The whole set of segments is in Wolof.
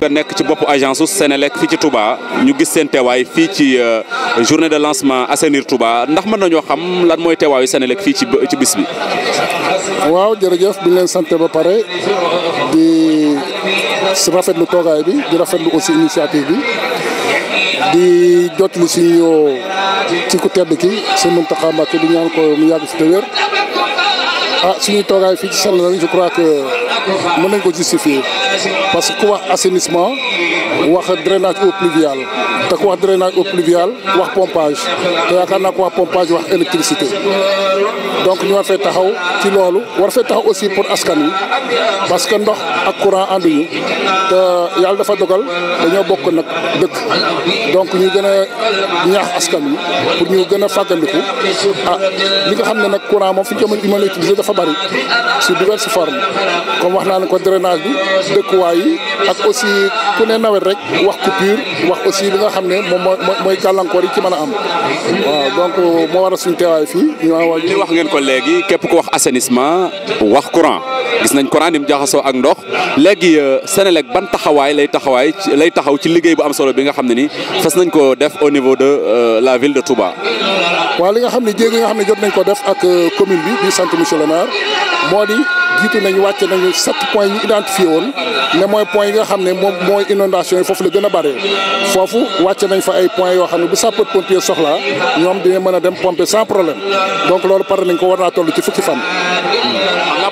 nga nekk ci bopp agence Senelec fii ci Touba ñu gis seen teewaay fii ci euh, journée de lancement Assainir Touba ndax mën nañoo xam lan mooy teewaayu Senelec fii ci ci bis bi. waaw jërëjëf bi leen sante ba pare di rafetlu toogaay bi di rafetlu aussi initiative bi di jot lu si ñëw ci tedd ki si Mountakha Mbacké di ñaan ko mu yàgg fi te ah suñuy toogaay fii ci Channel je crois que mën nañ ko justifier parce que ku wax assainissement wax drainage eau pluviale te ku wax drainage eau pluviale wax pompage te yaakaar naa ku wax pompage wax électricité donc ñu war fee taxaw ci loolu war fee taxaw aussi pour askan wi parce que ndox ak courant ànduñu te yàlla dafa dogal dañoo bokk nag dëkk donc ñu gën a ñaax askan wi pour ñu gën a fàggandiku ah li nga xam ne nag courant moom fi ñu ko mën a utiliser a bëri si diverses formes comme wax naa ne ko drainage bi dëkkuwaay yi ak aussi ku ne nawet rek wax coupure wax aussi li nga xam ne moom mooy gàllankoor yi ci mën am waaw donc moo waral te teewaay fii. ñu wax ngeen ko léegi képp ku wax assainissement wax courant gis nañ courant ni mu jaxasoo ak ndox léegi euh, Senelec ban taxawaay lay taxawaay lay taxaw ci liggéey bu am solo bi nga xam ne ni fas nañ ko def au niveau de euh, la ville de Touba. Euh, commune bi di sant monsieur le gouverneur moo di jiitu nañu wàcce nañu sept points yi ñu identifié woon ne mooy points yi nga xam ne moom mooy inondation yi foofu la gën a bare foofu wàcce nañ fa ay points yoo xam ne bu sa sapeur pompier soxlaa ñoom dina mën a dem pomper sans problème donc loolu pare nañ ko war naa toll ci fukki fan.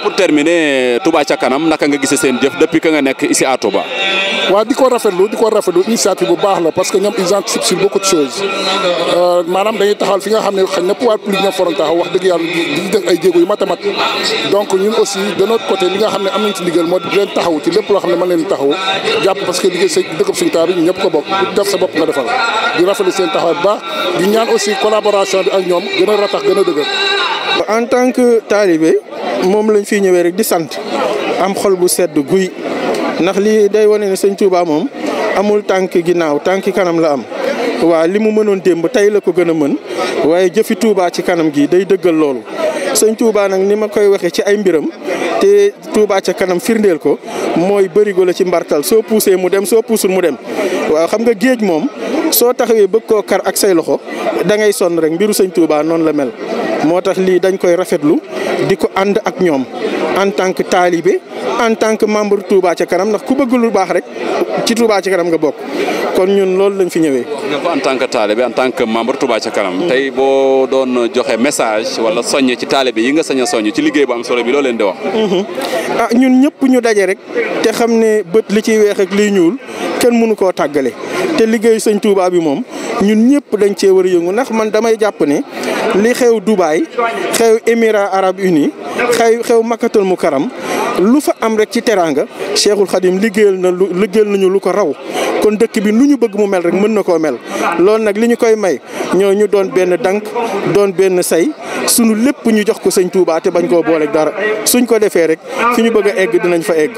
pour terminer Touba ca kanam naka nga gisee seen jëf depuis que nga nekk ici ato ba waaw di ko rafetlu di ko rafetlu initiative bu baax la parce que ñoom ils anticipent sur beaucoup de choses euh, maanaam dañuy taxawal fi nga xam ne xëy na pouvoir public ñoom foron taxaw wax dëgg yàlla di def ay jéego yu a mat donc ñun aussi de notre côté li nga xam ne am nañ ci ndigal moo di leen taxaw ci lépp loo xam ne mën leen taxaw jàpp parce que liggéey sa dëkkab suñu taal bi ñu ñëpp ko bokk ku def sa bopp nga bi ak ñoom gën a ratax gën a dëgër en tant que talibé moom lañ fi ñëwee rek di sant am xol bu sedd guy ndax lii day wane ne sëñ Touba moom amul tànk ginnaaw tànki kanam la am waa li mu mënoon démb tey la ko gën a mën waaye jëfi Touba ci kanam gi day dëggal loolu. sëñ Touba nag ni ma koy waxee ci ay mbiram te Touba ca kanam firndeel ko mooy bërigo la ci mbartal soo puusee mu dem soo puusul mu dem waa xam nga géej moom soo taxawee bëgg koo kar ak say loxo da ngay sonn rek mbiru sëñ Touba noonu la mel moo tax lii dañ koy rafetlu. di ko ànd ak ñoom en tant que taalibe en tant que membre Touba kanam ndax ku bëgg lu baax rek ci Touba ca kanam nga bokk kon ñun loolu lañ fi ñëwee. nga ko en tant que taalibe en tant que membre Touba ca kanam. tey boo doon joxe message wala soññ ci taalibe yi nga sañ a soññ ci liggéey bu am solo bi loo leen di wax. Mhm. ah ñun ñëpp ñu daje rek te xam ne bët li ciy weex ak ñuul. kenn mënu koo tàggale te liggéeyu sëñ Touba bi moom ñun ñëpp dañ cee war yëngu ndax man damay jàpp ne li xew Dubaï xew Émirats Arabes Unis xew xew mu karam lu fa am rek ci teraanga Cheikhul Khadim liggéeyal na lu liggéeyal nañu lu ko raw kon dëkk bi lu ñu bëgg mu mel rek mën na koo mel loolu nag li ñu koy may ñoo ñu doon benn dank doon benn say sunu lépp ñu jox ko sëñ Touba te bañ koo boole dara suñ ko defee rek fi ñu bëgg a egg dinañ fa egg